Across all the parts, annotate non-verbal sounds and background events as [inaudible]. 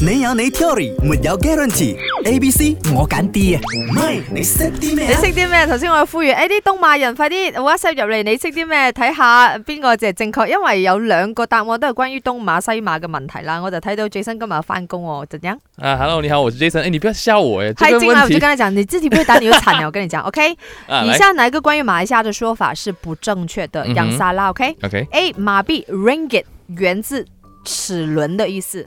你有你 theory，沒有 guarantee。A、B、C 我揀 D 啊，唔係你識啲咩？你識啲咩？頭先我呼籲誒啲東馬人快啲 WhatsApp 入嚟，你識啲咩？睇下邊個就正確，因為有兩個答案都係關於東馬西馬嘅問題啦。我就睇到最新今日翻工哦，怎樣。啊、uh,，Hello，你好，我是 Jason、哎。誒，你不要笑我誒，這個問題。Hi，今晚我就跟你講，你這題不會打你就慘了 [laughs] 我跟你講，OK。以下哪一個關於馬來西亞的說法是不正確的？楊莎拉，OK？OK。A、馬幣 Ringgit 源自齒輪的意思。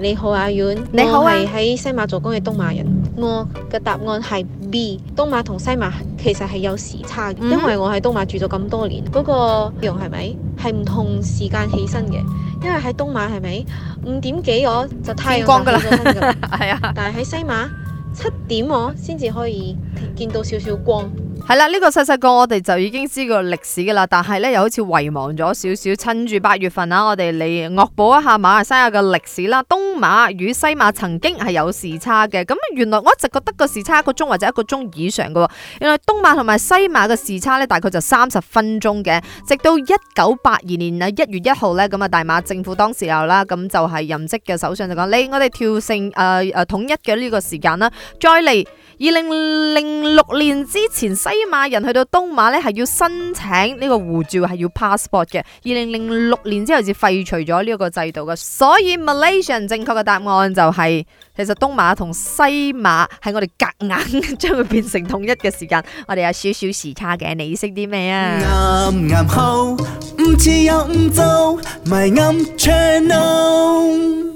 你好阿阮。你好啊。我係喺西馬做工嘅東馬人。我嘅答案係 B。東馬同西馬其實係有時差嘅，因為我喺東馬住咗咁多年。嗰個用係咪？係唔同時間起身嘅，因為喺東馬係咪？五點幾我就太陽光噶的啦，係 [laughs] 啊。但係喺西馬七點我先至可以見到少少光。係啦，呢個細細個我哋就已經知個歷史噶啦，但係咧又好似遺忘咗少少，趁住八月份啊，我哋嚟惡補一下馬來西亞嘅歷史啦。東馬與西馬曾經係有時差嘅，咁原來我一直覺得個時差一個鐘或者一個鐘以上噶，原來東馬同埋西馬嘅時差咧大概就三十分鐘嘅。直到一九八二年啊一月一號咧，咁啊大馬政府當時又啦，咁就係任職嘅首相就講：，你我哋跳成誒誒統一嘅呢個時間啦，再嚟。二零零六年之前，西馬人去到東馬咧係要申請呢個護照，係要 passport 嘅。二零零六年之後就廢除咗呢個制度嘅。所以 Malaysia 正確嘅答案就係、是，其實東馬同西馬喺我哋夾硬，將佢變成統一嘅時間，我哋有少少時差嘅。你識啲咩啊？嗯嗯嗯嗯